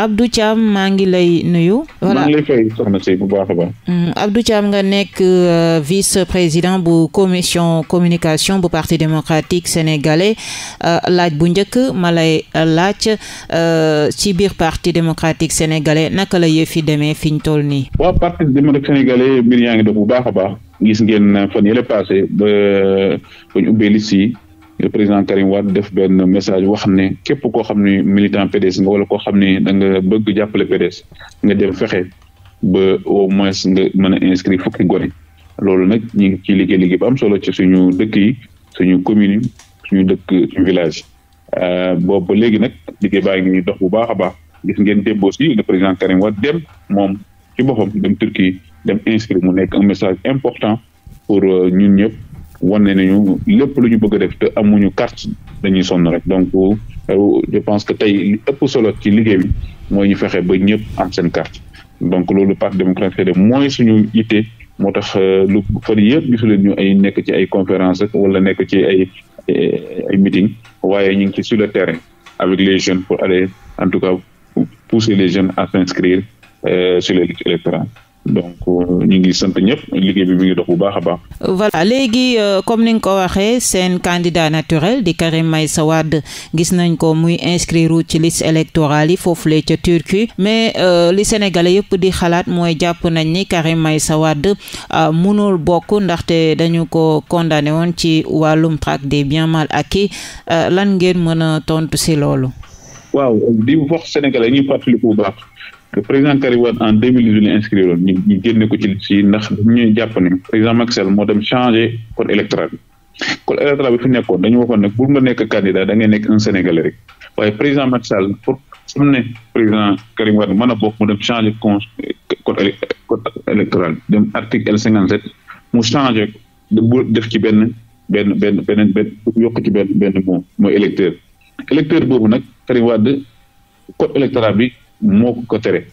Abdou Thiam maa ngi lay nuyu. voilà maa ngi lay fay soxna si bu baax a baax. Mm, Abdou Thiam nga nekk euh, vice-président bu commission communication bu parti démocratique sénégalais euh, laaj bu njëkk ma lay laaj euh, ci biir parti démocratique sénégalais naka la yëf yi demee fi ñu toll nii. waaw parti démocratique sénégalais mbir yaa ngi dox bu baax a baax gis ngeen fan yële paase ba ba ñu ubbee le président Karim Wade def benn message wax ne képp koo xam ne militant PDS nga wala koo xam ne da nga bëgg jàppale PDS nga dem fexe ba au moins nga mën a inscrire fukki gone loolu nag ñu ngi ciy liggéey liggéey bu am solo ci suñu dëkk yi suñu commune yi suñu dëkk suñu village euh, boobu ba léegi nag liggéey baa ngi dox bu baax a baax ngeen démb aussi le président Karim Wade dem moom ci boppam dem Turquie dem inscrire mu nekk un message important pour euh, ñun ñëpp. wane nañu lépp lu ñu bëgg a def te amuñu carte dañuy sonn rek donc euh, je pense que tey li ëpp solo ci liggéey bi mooy ñu fexe ba ñëpp am seen donc loolu parti démocratique fédéral mooy suñu yitte moo tax euh, lu fan yëpp gisu leen ñu ay nekk ci ay conférence wala nekk ci ay ay meeting waaye ñu ngi ci sur le terrain avec les jeunes pour aller en tout cas pousser les jeunes à s'inscrire euh, sur les listes électorales donc euh, ñu ngi sant voilà léegi euh, comme ni nga ko waxee seen candidat naturel di Karim sa Wade gis nañ ko muy inscrire ci liste électorale yi foofule ca Turquie mais euh, li sénégale yëpp di xalaat mooy jàpp nañ ni Karim Meïssa Wade munul bokk ndaxte dañu ko condamné woon ci wàllum traque des biens mal acquis lan ngeen mën a tontu si loolu. waaw di wax Sénégalais ñu fàttaliku bu baax. que président Karim Wade en deux mille dix huit la inscrire woon ñu ñu génne ko ci li ci ndax ñu jàpp ne président Macky Sall moo dem changé code électoral code électoral bi fi nekkoon dañu waxoon ne pour nga nekk candidat da ngay nekk un sénégalais rek waaye président Macky Sall pour am ne président Karim Wade mën a bokk dem changé con code code électoral bi dem article L cinquante sept mu changé bu def ci benn benn benn benn benn yokk ci benn ben moom mooy électeur électeur boobu nag Karim Wade code bi. moo ko tere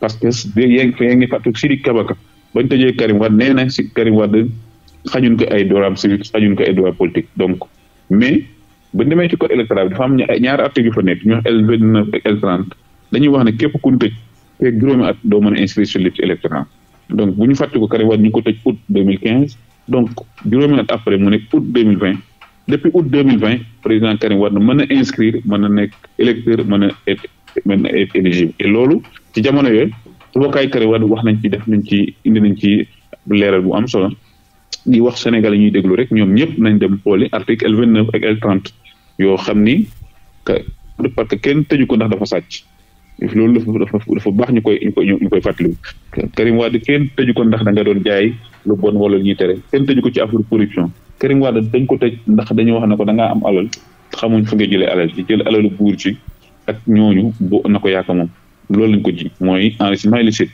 parce que yaa ngi yaa ngi fàttali Sidiki Kabaka bañ tëjee Karim Wade nee na si Karim Wade xañuñ ay droits civiques xañuñ ko ay droits politiques donc mais ba demee ci code électoral bi dafa am ñaari article yu fa nekk ñu wax L wax ne képp ku doo mën a bu ñu fàttali ko Karim Wade ñu ko tëj août deux mille quinze donc juróomi at après mu nekk août deux mille vingt depuis août deux mille vingt président Karim Wade mën a nekk électeur mën a même éligible et loolu ci jamono yooyu avocat yi Karim Wade wax nañ ci def nañ ci indi nañ ci leeral bu am solo di wax Sénégal yi ñuy déglu rek ñoom ñëpp nañ dem xooli article L vingt neuf ak L trente yoo xam ni que parce que kenn tëju ko ndax dafa sàcc loolu dafa dafa baax ñu koy ñu koy ñu koy fàttaliwu Karim Wade kenn tëju ko ndax da nga doon jaay lu bon wala ñuy tere kenn tëju ko ci affaire corruption Karim Wade dañ ko tëj ndax dañu wax ne ko da ngaa am alal xamuñ fu nga jëlee alal ci jël alalu buur ci ak ñooñu bo na ko yaaka moom loolu lañ ko ji mooy enrichissement illicite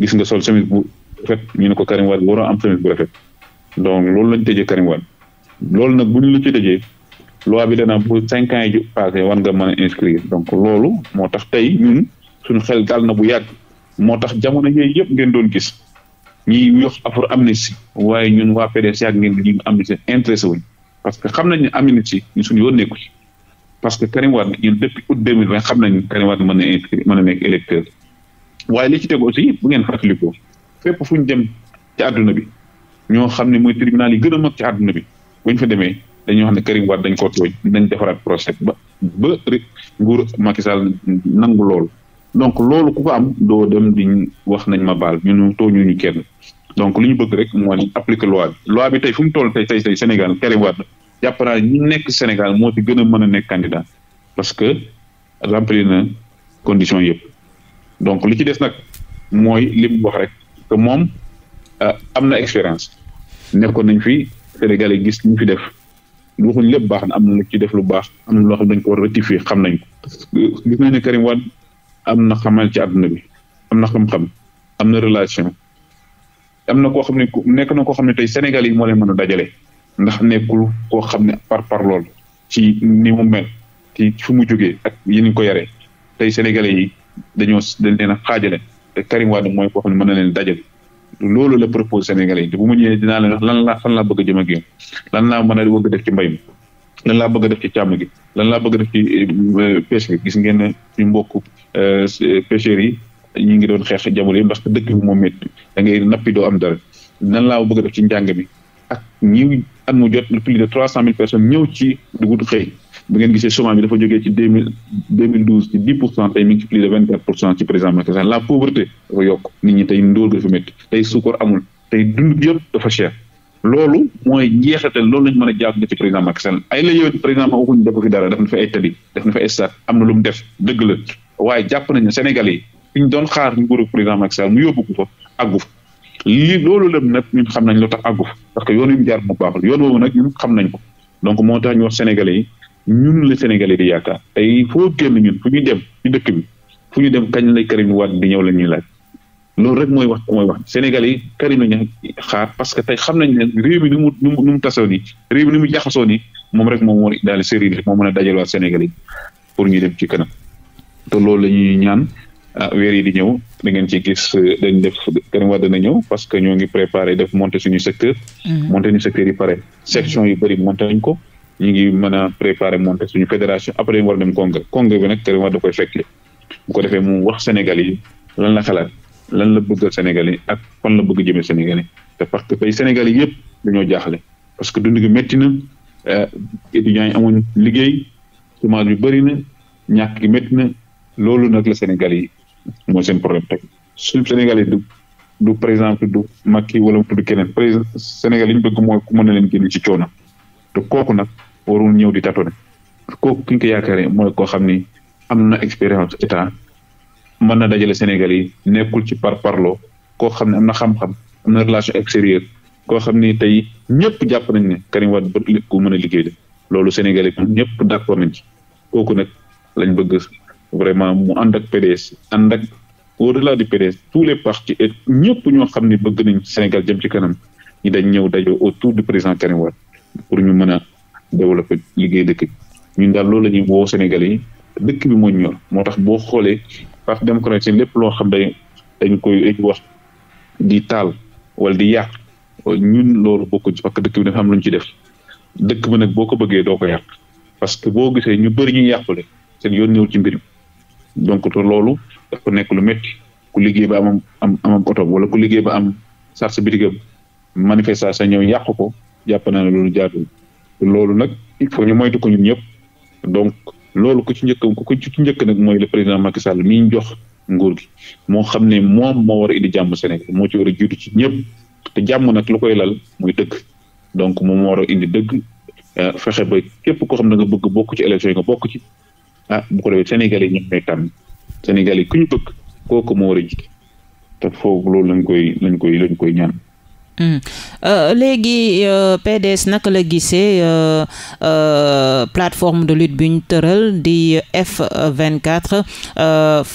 gis nga sol chemise bu rafet ñu ne ko Karim Wade waroo am chemise bu rafet donc loolu lañ tëjee Karim Wade loolu nag bu ñu la ci tëjee loi bi dana bu cinq ans yi passé war nga mën a donc loolu moo tax tey ñun suñu xel dal na bu yàgg moo tax jamono yooyu yëpp ngeen doon gis ñiy yox afro amnistie waaye ñun waa PDS yàgg ngeen di ñu amnistie intéressé wuñ parce que xam nañ ne amnistie ñu suñu yoon nekku ci parce que Karim Wade ñun depuis inscrit mën nekk électeur waaye li ci tegu aussi bu ngeen fàttalikoo fépp fu ñu dem ci àdduna bi ñoo xam ne mooy tribunal yi gën a mag ci àdduna bi bu ñu fa demee dañoo xam ne Karim Wade dañ ko tooñ dañ defaraat procès ba ba nguur Macky nangu lool donc loolu ku ko am doo dem di wax nañ ma baal ñun tooñu ñu kenn donc li ñu bëgg rek moo ni appliquer loi bi loi bi tey fu mu toll tey tey tey Sénégal Karim Wade jàpp naa nekk Sénégal moo ci gën mën a nekk candidat parce que remplir na condition yëpp donc li ci des nag mooy li wax rek que moom euh, am na expérience nekkoon nañ fi Sénégal yi gis ñu fi def waxuñ lépp baax na am na lu ci def lu baax am na loo xam dañ ko war a rectifier xam nañ ko gis nañ ne Karim Wade am na xamal ci àdduna bi am na xam am na relation am na koo xam ne nekk na koo xam ne tey Sénégal yi moo leen mën a dajale ndax kul koo xam ne par par lool ci ni mu mel ci fu mu jógee ak yéen ko yaree tey sénégalais yi dañoo dañ leen a xaajale te Karim Wade mooy koo xam ne mën na leen dajale loolu la propose sénégalais yi te bu mu ñëwee dinaa leen wax lan laa fan laa bëgg jëm ak yéen lan laa mën a def ci mbay mi lan laa bëgg def ci càmm gi lan laa bëgg a def ci euh, pêche gi gis ngeen ne suñu mbokk euh, pêcheurs yi ñu ngi doon xeex jamono yi ndax dëkk bi moom métti da ngay nappi doo am dara lan laa bëgg def ci njàng mi ak ñi at mu jot lu plus de trois cent mille personnes ñëw ci dugub xëy bu ngeen gisee chômage bi dafa jógee ci deux mille douze ci dix pour cent tey mi ci plus de vingt quatre pour cent ci président Macky Sall la pauvreté dafa yokk nit ñi tey ndóol ga dafa métti amul tey dund bi yëpp dafa cher loolu mooy njeexital loolu lañ mën a jàpp ci président Macky Sall ay la yoon président ma waxuñu defu fi dara def na am na lu def dëgg la waaye jàpp nañu Sénégal yi fi ñu doon xaar nguuru président Macky Sall mu ko li loolu lépp nag ñun xam nañ lu tax àggu parce que yoon yu mu jaar mu baaxul yoon woowu nag ñun xam nañ ko donc moo tax ñu wax sénégalais yi ñun la sénégalais di yaakaar tey foo génn ñun fu ñu dem bi fu ñu dem kañ lay Karim Wade di ñëw la ñuy laaj loolu rek mooy wax mooy wax sénégalais yi Karim la xaar parce que tey xam nañ ne réew mi ni mu ni mu ni mu tasoo nii réew mi ni mu jaxasoo nii moom rek moom moo daal série rek moo mën a dajal waa sénégalais pour ñu dem ci kanam te loolu la ñuy ñaan ah weer yi di ñëw da ngeen ci gis eh, dañ def Karim Wade dana ñëw parce que ñoo ngi préparé def monter suñu secteur mhm. monter ñu secteur yi pare section yu bëri monter nañ ko ñu ngi mën a préparé monter suñu fédération après ñu war dem congrès congrès bi koy fekk bu ko defee moom wax Sénégal yi lan la xalaat lan la bëggal Sénégal yi ak fan la bëgg jëmee Sénégal yi te parce que tey Sénégal yi yëpp dañoo jaaxle parce que dund gi na eh, étudiants yi amuñ liggéey chômage bi bëri na ñàkk gi métti na loolu nag la Sénégal yi mooy seen problème teg suñu Sénégal yi du du par exemple du Macky wala mu tudd keneen président Sénégal yi ñu bëgg mooy ku mën na leen génn ci coono te kooku nag warul ñëw di tâtonner kooku ki ñu ko mooy koo xam ni am na expérience état mën na dajale Sénégal yi nekkul ci par parlo koo xam ne am na xam-xam am na relation extérieure koo xam ni tey ñëpp jàpp nañ ne Karim Wade ba lépp ku mën a liggéey loolu Sénégal yi ñëpp d'accord nañ ci kooku nag lañ bëgg. vraiment mu ànd ak PDS ànd ak au-delà du PDS tous les partis et ñëpp ñoo xam ne bëgg nañ Sénégal jëm ci kanam ñi dañ ñëw dajoo autour de président Karim Wade pour ñu mën a développer liggéey dëkk bi ñun daal loolu la ñuy woo sénégal yi dëkk bi moo ñor moo tax boo xoolee parti démocratique lépp loo xam dañ dañ koy dañ wax di taal wala di yàq ñun loolu bokkuñ ci parce que dëkk bi am lu ci def dëkk bi boo ko bëggee doo ko yàq parce que boo gisee ñu bëri ñu yàqule seen yoon ñëw ci mbir donc te loolu dafa nekk lu métti ku liggéey ba am am amam oto wala ku liggéey ba am sar sa bitigam manifestation ñëw yàq ko jàpp naa ne loolu jaadul loolu nag il faut ñu moytu ko ñun ñëpp donc loolu ku ci njëkk ku ci njëkk nag mooy le président Macky Sall mi ñu jox nguur gi moo xam ne moom moo war a indi jàmm Sénégal moo ci war a jiitu ci ñëpp te jàmm nag lu koy lal muy dëgg donc moom moo war a indi dëgg eh, fexe ba képp koo xam ne nga bëgg bokk ci élection yi nga bokk ci ah bu ko defee Sénégal yi ñoom ñooy tànn Sénégal bëgg kooku moo war a jiite loolu lañ koy lañ koy ñaan. Hmm. Euh, léegi euh, PDS naka la gisee euh, euh, plateforme de lutte bi tëral di F24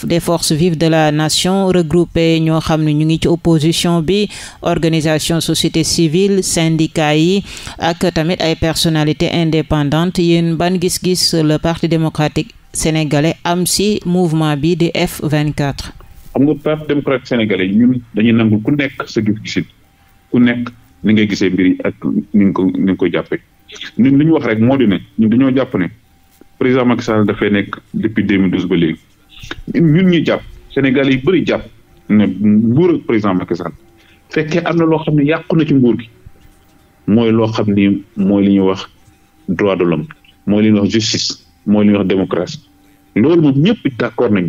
des forces de la nation regroupé ñoo xam ni ñu ngi ci opposition bi organisation société civile syndicat yi ak tamit ay personnalités indépendantes yéen ban gis-gis le Parti démocratique sénégalais am si mouvement bi di F24. xam nga parti démocratique sénégalais ñun dañuy nangu ku nekk sa gis-gisin ku nekk ni nga gisee mbir yi ak ni nga ko ni nga koy jàppee ñun li ñu wax rek moo di ne ñun dañoo jàpp ne président Macky Sall dafay nekk depuis 2012 ba léegi ñun ñu jàpp sénégalais yi bëri jàpp ne nguur ak président Macky Sall fekkee am na loo xam ne yàqu ci nguur gi mooy loo xam ni mooy li ñuy wax droit de l'homme mooy li wax justice mooy li ñuy wax démocratie loolu moom ñëpp d'accord nañ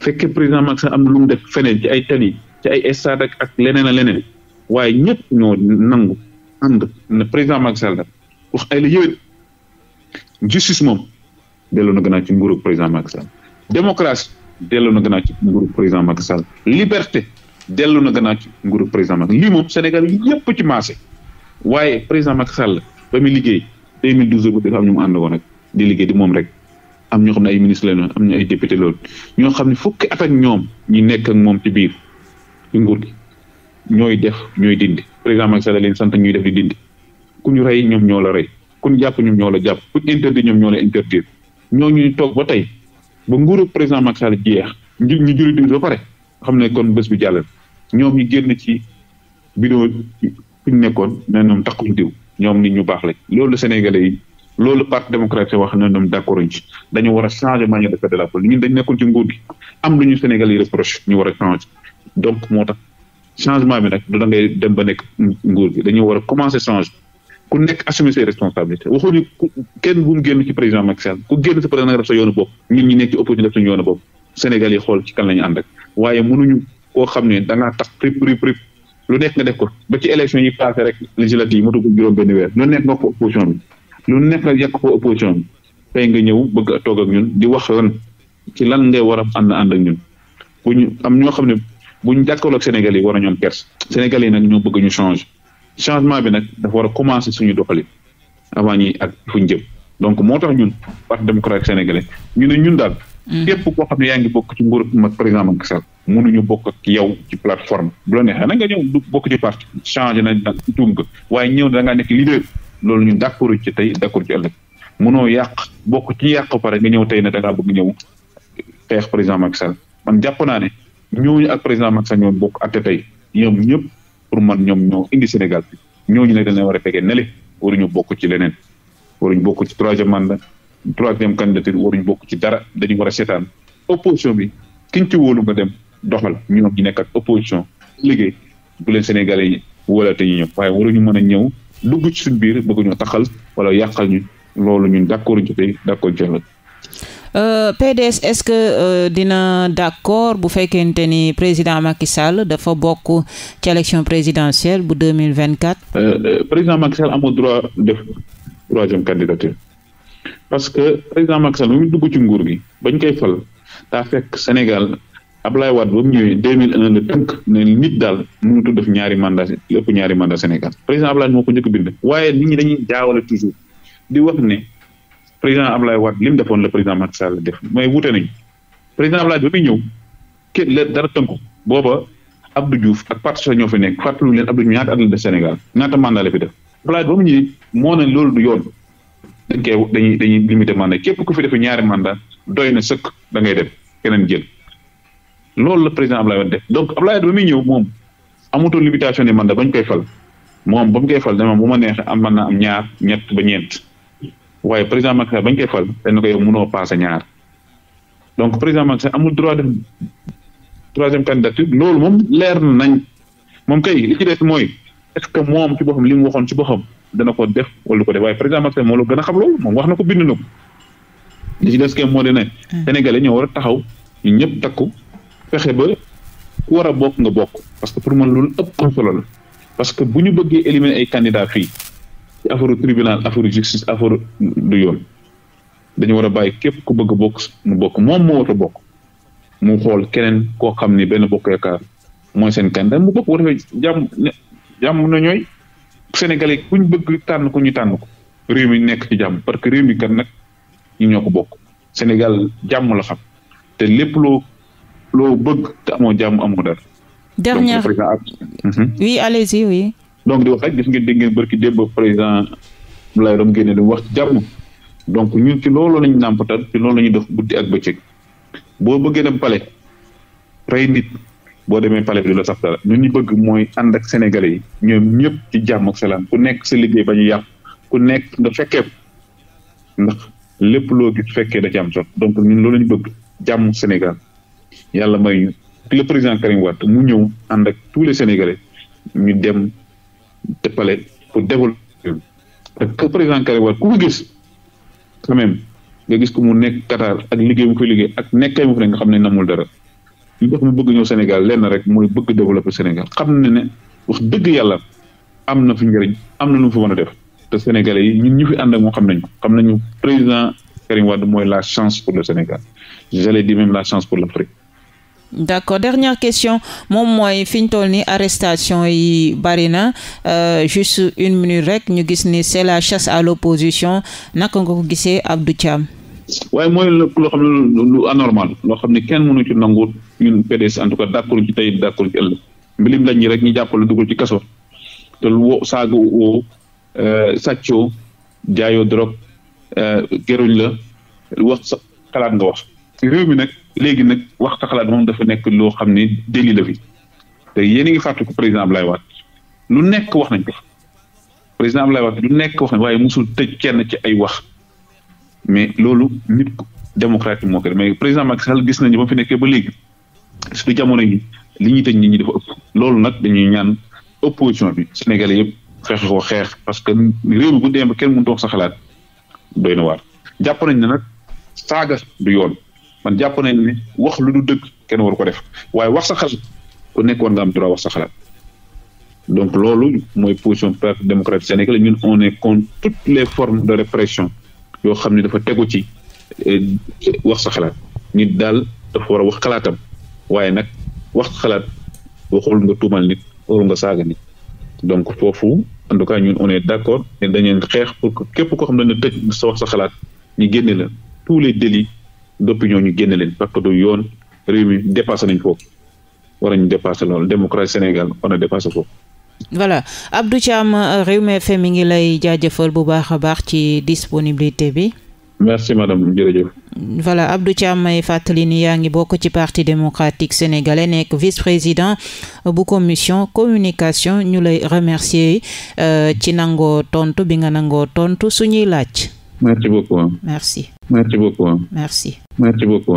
fekk président Macky Sall am na lu mu def feneen ci ay tali ci ay stade ak ak leneen a leneen waaye ñëpp ñoo nangu ànd na président Macky Sall def wax ay la justice moom delloo na gannaaw ci nguru président Macky Sall démocratie delloo na gannaaw ci nguuru président Macky Sall liberté delloo na gannaaw ci nguuru président Macky lii moom Sénégal yëpp ci maase waaye président Macky Sall ba muy liggéey 2012 ba dafa am mu ànd woon di liggéey di moom rek am ñoo xam ne ay ministre lañu am ñu ay député loolu ñoo xam ne fokki at ak ñoom ñi nekk ak moom ci biir ci gi ñooy def ñooy dindi président Macky Sall da leen sant ñuy def di dindi ku ñu rey ñoom ñoo la rey ku jàpp ñoom ñoo la jàpp ku ñu interdit ñoom ñoo la interdire ñooñu toog ba tey ba nguuru président Macky Sall jeex ñu ñu jëli di ba pare xam ne kon bés bi jàll ñoom ñu génn ci bidon fi ñu nekkoon ne ñoom takkuñ diw ñoom nit ñu baax lañ loolu Sénégalais yi loolu parti démocratique wax na ñoom d' accord ci dañu war a changer de faire la politique ñun dañu nekkoon ci nguur gi am lu ñu Sénégal yi reproche ñu war moo tax changement bi nag du da ngay dem ba nekk nguur gi war a commencer changer ku nekk assumer ses responsabilités waxuñu kenn bu mu génn ci président Macky Sall ku génn sa président nga def sa yoonu bopp ñun ñi nekk ci opposition def suñu yoonu bopp Sénégal yi xool ci kan la ñu ànd ak waaye mënuñu koo xam ne da ngaa tax prip prip prip lu nekk nga def ko ba ci élection yi passé rek législative yi matugul juróom benn weer lu nekk nga opposition bi lu nekk rek yàq ko opposition bi tey nga ñëw bëgg a toog ak ñun di wax lan ci lan ngay war a ànd ànd ak ñun bu ñu am ñoo xam ne bu ñu jàkkaarloog Sénégal yi war a ñoom pers Sénégal yi nag ñoo bëgg ñu change changement bi nag dafa war a commencer suñu doxalin avant ñi ak fu ñu donc moo tax ñun parti démocratique sénégalais ñu ne ñun daal. Mm. képp koo xam ne yaa ngi bokk ci nguur mag président Macky Sall mënuñu bokk ak yow ci plateforme bu la neexee na nga ñëw bokk ci parti changé nañ nag tuum ñëw da ngaa nekk loolu ñu d'accord ci tey d'accord ci ëllëg mënoo yàq bokk ci yàq ba pare nga ñëw tey na da ngaa bëgg ñëw xeex président Macky Sall man jàpp naa ne ñooñu ak président Macky Sall ñoo bokk atte tey ñoom ñëpp pour man ñoom ñoo indi Sénégal bi ñooñu nag dañu war a fekkee nele waruñu bokk ci leneen waruñu bokk ci troisième mandat troisième candidature waruñu bokk ci dara dañu war a seetaan opposition bi kiñ ci wóolu nga dem doxal ñoom ñu nekk ak opposition liggéey bu leen Sénégalais yi wóolaate ñu ñëw waaye waruñu mën a ñëw dugg ci suñ biir bëgg ñu taxal wala yàqal ñu loolu ñun d'accord ñu tey d'accord jël Euh, PDS est-ce que euh, dina d'accord bu fekkente ni président Macky Sall dafa bokk ci élection présidentielle bu deux mille vingt quatre. Euh, euh, président Macky Sall amul droit def troisième candidature parce que président Macky mu dugg ci nguur bi bañ koy fal daa fekk Sénégal Ablaye Wade ba mu ñëwee 2001 la tënk ne nit daal mënutu def ñaari mandat lépp ñaari mandat Sénégal président Ablaye moo ko njëkk bind waaye nit ñi dañuy jaawale toujours di wax ne président Ablaye Wade li mu defoon la président Macky Sall def mais wute nañu président Ablaye ba muy ñëw kenn la dara tënku booba Abdou Diouf ak parti socialiste ñoo fi nekk fàttali leen Abdou Diouf ñaata at la def Sénégal ñaata mandat la fi def Ablaye ba mu ñëwee moo ne loolu du yoon dañ koy dañuy dañuy limité mandat képp ku fi defee ñaari mandat doy na sëkk da ngay dem keneen jël loolu la président Ablaye Wade def donc Ablaye Wade ba muy ñëw moom amutoon limitation ni mandat bañ ñu koy fal moom ba mu koy fal dama bu ma neexee am mën naa am ñaar ñett ba ñeent waaye président Macky Sall ba ñu koy fal dañ ko yow mënoo passé ñaar donc président Macky Sall amul droit de troisième candidature loolu moom leer na nañ moom kay li ci des mooy est-ce que moom ci boppam li mu waxoon ci boppam dana ko def wala ko def waaye président Macky Sall moo la gën a xam loolu moom wax na ko bind na ko ci des kay moo di ne hmm. Sénégalais ñoo war taxaw ñu ñëpp takku. fexe ba ku war a bokk nga bokk parce que pour man loolu ëpp am solo parce que bu ñu bëggee éliminer ay candidats fii ci affaire tribunal affaire justice affaire du yoon dañu war a bàyyi képp ku bëgg a bokk mu bokk moom moo war a bokk mu xool keneen koo xam ni benn bokk yaakaar mooy seen candidat mu bokk bu defee jàmm jàmm na ñooy Sénégalais ku bëgg tànn ko ñu tànn ko réew mi nekk ci jàmm parce que réew mi kat nag ñu ñoo bokk Sénégal jàmm la xam te lépp loo bëgg te amoo jàmm amoo dara. dernière mhm. oui allez-y oui. donc di wax rek gis ngeen dégg ki barki démb président Abdoulaye Rom génne di wax jàmm donc ñun ci loolu lañu nàmpatal ci loolu la def guddi ak bëccëg boo bëggee dem palais rey nit boo demee palais bi la sax dara ñu bëgg mooy ànd ak sénégalais yi ñoom ñëpp ci jàmm ak ku nekk sa liggéey ba ñu yàqu ku nekk nga fekkee ndax lépp loo gis fekkee da ci am sot donc ñu loolu la ñu bëgg jàmm Sénégal. yàlla may ñu le président Karim Wade mu ñëw ànd ak tous les sénégalais ñu dem te palais pour développer te président Karim Wade ku ko gis quand même nga gis ko mu nekk Qatar ak liggéey mu koy liggéey ak nekkay mu fi nga xam ne namul dara li tax mu bëgg ñëw Sénégal lenn rek mooy bëgg développer Sénégal xam na ne wax dëgg yàlla am na fi njëriñ am na lu mu fi mën a def te sénégalais yi ñun ñu fi ànd ak moo xam nañu xam nañu président Karim Wade mooy la chance pour le Sénégal j'allais dire la chance pour l'Afrique d' accord dernière question moom mooy fi ñu toll ni arrestation yi bari na euh, juste une minute rek ñu gis ni c' est la chasse à l' opposition naka nga ko gisee Abdou Thiam waaye mooy loo xam lu anormal loo xam ne kenn mënu ci nangu ñun PDS en tout cas d' accord ci tey d' accord ci mbilim lañ rek ñu jàppale dugal ci kaso te lu woo saaga euh, woo sàccoo jaayoo drogue euh, géruñ la wax sa nga wax réew mi nag léegi nag wax sa xalaat moom dafa nekk loo xam ne déli la fi te yéen a ngi fàttali ko président Ablaye waat lu nekk wax nañ ko président Ablaye Wade lu nekk wax nañ waaye mosul tëj kenn ci ay wax mais loolu nit démocratique moo koy mais président Macky Sall gis nañu ba fi nekkee ba léegi surtout jamono yi li ñuy tëj nit ñi dafa ëpp loolu nag dañuy ñaan opposition bi Sénégalais yëpp fexe ko xeex parce que réew mi bu demee ba kenn mënut a wax sa xalaat doy na waar jàpp nañ ne nag saaga du yoo man jàpp nañ ne wax lu du dëkk kenn waru ko def waaye wax sa xalaat ku nekk war am droit wax sa xalaat donc loolu mooy position parti démocratique sénégalais ñun on est contre toutes les formes de répression yoo xam ne dafa tegu ci eh, wax sa xalaat nit daal dafa war a wax xalaatam waaye nag wax xalaat xool nga tuumal nit warul nga saaga nit donc foofu en tout cas ñun on est d'accord ne dañu xeex pour que képp koo xam ne dañ la tëj sa wax sa xalaat ñu génne la tous les délits d'opinion ñu génne leen parce du yoon réew mi dépassé nañ foofu war nañu dépassé loolu démocratie Sénégal war na dépassé foofu. voilà Abdou Thiam Rewmi mi ngi lay jaajëfal bu baax a baax ci disponibilité bi. merci madame jërëjëf. voilà Abdou Thiam may fàttali ni yaa ngi bokk ci parti démocratique sénégalais nekk vice-président bu commission communication ñu lay remercier euh, ci nangoo tontu bi nga nangoo tontu suñuy laaj. Merci beaucoup. Merci. Merci beaucoup. Merci. Merci beaucoup.